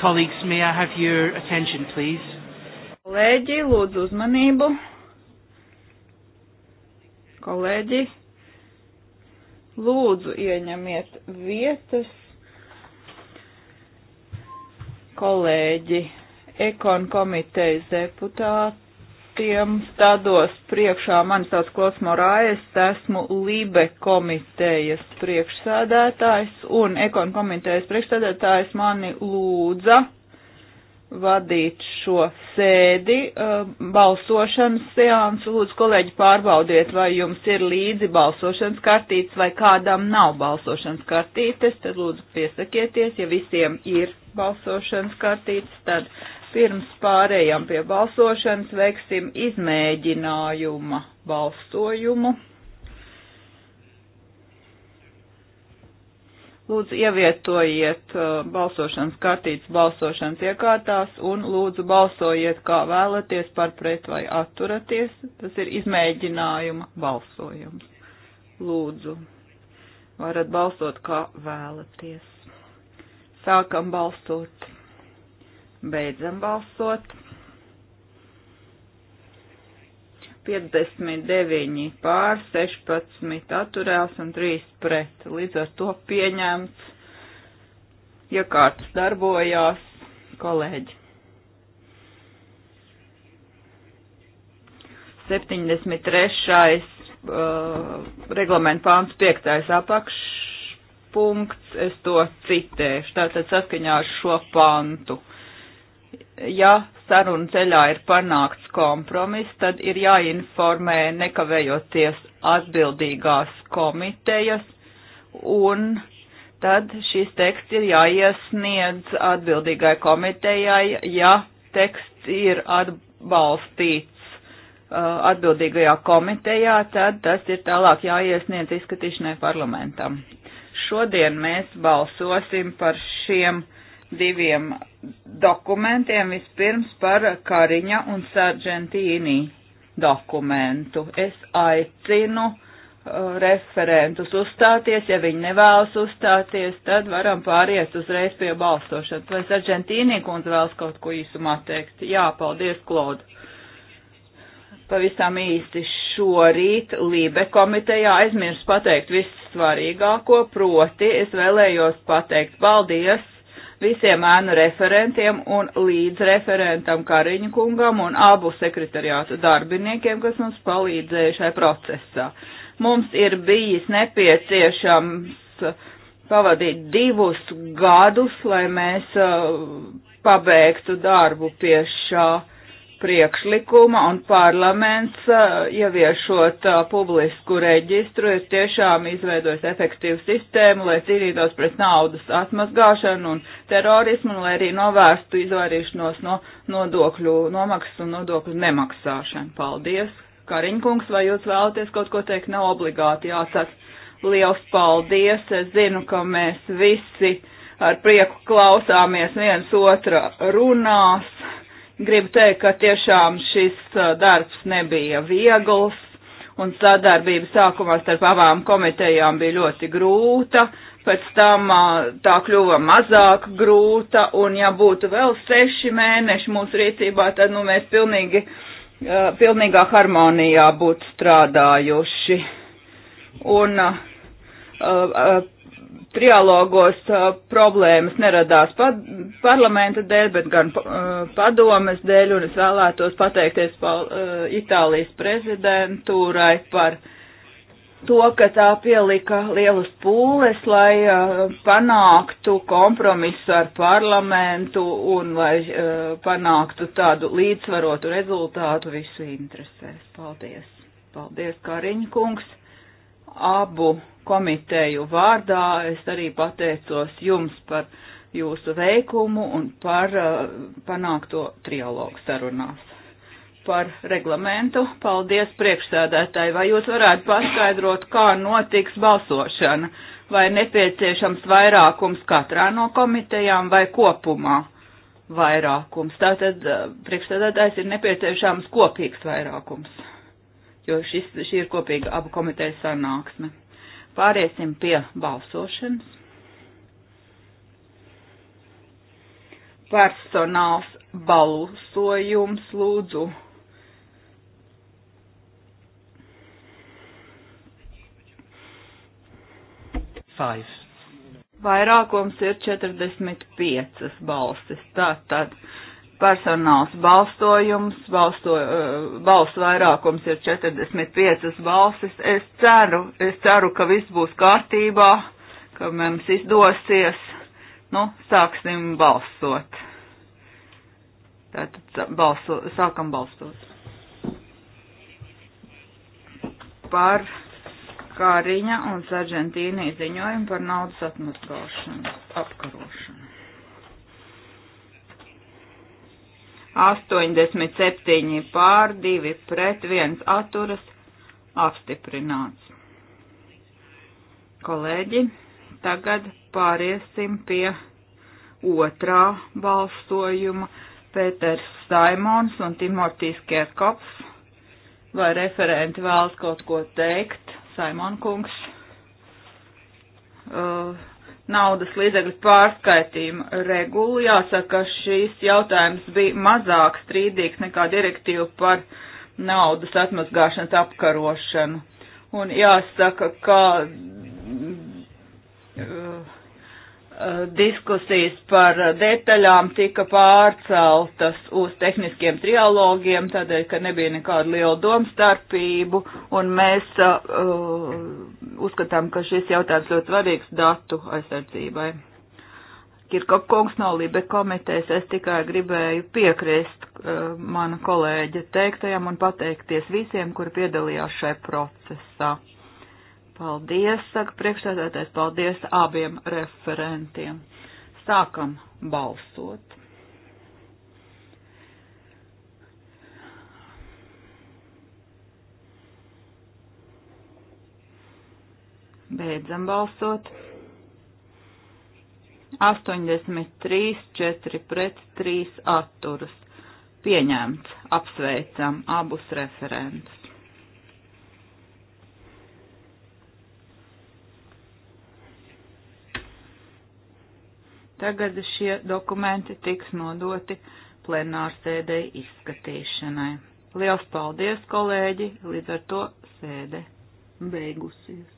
Colleagues, may I have your attention, please? Kolēģi, lūdzu uzmanību. Kolēģi, lūdzu ieņemiet vietas. Kolēģi, ekon komitejas deputāti tiem stādos priekšā. Mani sauc Klos Morājas, esmu Libe komitejas priekšsēdētājs un Ekon komitejas priekšsēdētājs mani lūdza vadīt šo sēdi, uh, balsošanas seansu. Lūdzu, kolēģi, pārbaudiet, vai jums ir līdzi balsošanas kartītes vai kādam nav balsošanas kartītes, tad lūdzu piesakieties, ja visiem ir balsošanas kartītes, tad Pirms pārējām pie balsošanas veiksim izmēģinājuma balsojumu. Lūdzu, ievietojiet uh, balsošanas kartītes balsošanas iekārtās un lūdzu balsojiet, kā vēlaties, par pret vai atturaties. Tas ir izmēģinājuma balsojums. Lūdzu, varat balsot, kā vēlaties. Sākam balsot. Beidzam balsot. 59 pār 16 atturējās un 3 pret. Līdz ar to pieņemts, ja kārtas darbojās, kolēģi. 73. Uh, reglamentu pāns 5. apakšpunkts, es to citēšu, tātad saskaņā ar šo pantu. Uh, ja sarunu ceļā ir panākts kompromiss, tad ir jāinformē nekavējoties atbildīgās komitejas, un tad šis teksts ir jāiesniedz atbildīgai komitejai, ja teksts ir atbalstīts uh, atbildīgajā komitejā, tad tas ir tālāk jāiesniedz izskatīšanai parlamentam. Šodien mēs balsosim par šiem uh, diviem dokumentiem. Vispirms par Kariņa un Sargentīnī dokumentu. Es aicinu uh, referentus uzstāties, ja viņi nevēlas uzstāties, tad varam pāriet uzreiz pie balsošanas. Vai Sargentīnī kundze vēlas kaut ko īsumā teikt? Jā, paldies, Klod. Pavisam īsti šorīt Lībe komitejā aizmirst pateikt viss svarīgāko, proti es vēlējos pateikt paldies visiem ēnu referentiem un līdzreferentam Kariņu kungam un abu sekretariātu darbiniekiem, kas mums palīdzēja šai procesā. Mums ir bijis nepieciešams pavadīt divus gadus, lai mēs uh, pabeigtu darbu pie šā priekšlikuma un parlaments, eh, ieviešot eh, publisku reģistru, ir tiešām izveidojis efektīvu sistēmu, lai cīnītos pret naudas atmazgāšanu un terorismu, un lai arī novērstu izvairīšanos no nodokļu nomaksas un nodokļu nemaksāšanu. Paldies! Kariņkungs, vai jūs vēlaties kaut ko teikt? Nav obligāti jāsaka. Liels paldies! Es zinu, ka mēs visi ar prieku klausāmies viens otra runās Gribu teikt, ka tiešām šis uh, darbs nebija viegls, un sadarbība sākumā starp abām komitejām bija ļoti grūta, pēc tam uh, tā kļuva mazāk grūta, un ja būtu vēl seši mēneši mūsu rīcībā, tad nu, mēs pilnīgi, uh, pilnīgā harmonijā būtu strādājuši. Un, trialogos problēmas neradās pad, parlamenta dēļ, bet gan padomes dēļ, un es vēlētos pateikties pa, Itālijas prezidentūrai par to, ka tā pielika lielas pūles, lai uh, panāktu kompromisu ar parlamentu un lai uh, panāktu tādu līdzsvarotu rezultātu visu interesēs. Paldies. Paldies, Kariņa kungs abu komiteju vārdā es arī pateicos jums par jūsu veikumu un par uh, panākto trialogu sarunās. Par reglamentu. Paldies priekšsēdētāji. Vai jūs varētu paskaidrot, kā notiks balsošana? Vai nepieciešams vairākums katrā no komitejām vai kopumā vairākums? Tātad uh, priekšsēdētājs ir nepieciešams kopīgs vairākums jo šis, šī ir kopīga abu komiteju sanāksme. Pāriesim pie balsošanas. Personāls balsojums lūdzu. Five. Vairākums ir 45 balsis. Tātad. Tā personāls balstojums, balsto, eh, balsu vairākums ir 45 balsis. Es ceru, es ceru, ka viss būs kārtībā, ka mums izdosies. Nu, sāksim balsot. Tātad balso, sākam balsot. Par Kāriņa un Sargentīnī ziņojumu par naudas atmaskāšanu, apkarošanu. 87 pār 2 pret 1 atturas apstiprināts. Kolēģi, tagad pāriesim pie otrā balsojuma. Pēters Saimons un Timotīs Kerkops. Vai referenti vēlas kaut ko teikt? Saimon kungs. Uh, naudas līdzekļu pārskaitījumu regulu. Jāsaka, šīs jautājums bija mazāk strīdīgs nekā direktīva par naudas atmazgāšanas apkarošanu. Un jāsaka, ka mm, uh, diskusijas par detaļām tika pārceltas uz tehniskiem trialogiem, tādēļ, ka nebija nekādu lielu domstarpību, un mēs uh, uzskatām, ka šis jautājums ļoti svarīgs datu aizsardzībai. Kirkop kungs no Libe komitejas, es tikai gribēju piekrist uh, mana kolēģa teiktajam un pateikties visiem, kuri piedalījās šajā procesā. Paldies, saka priekšstādātais, paldies abiem referentiem. Sākam balsot. Beidzam balsot. 83, 4 pret 3 atturas. Pieņemts. Apsveicam abus referentus. Tagad šie dokumenti tiks nodoti plenārsēdei izskatīšanai. Liels paldies, kolēģi! Līdz ar to sēde beigusies.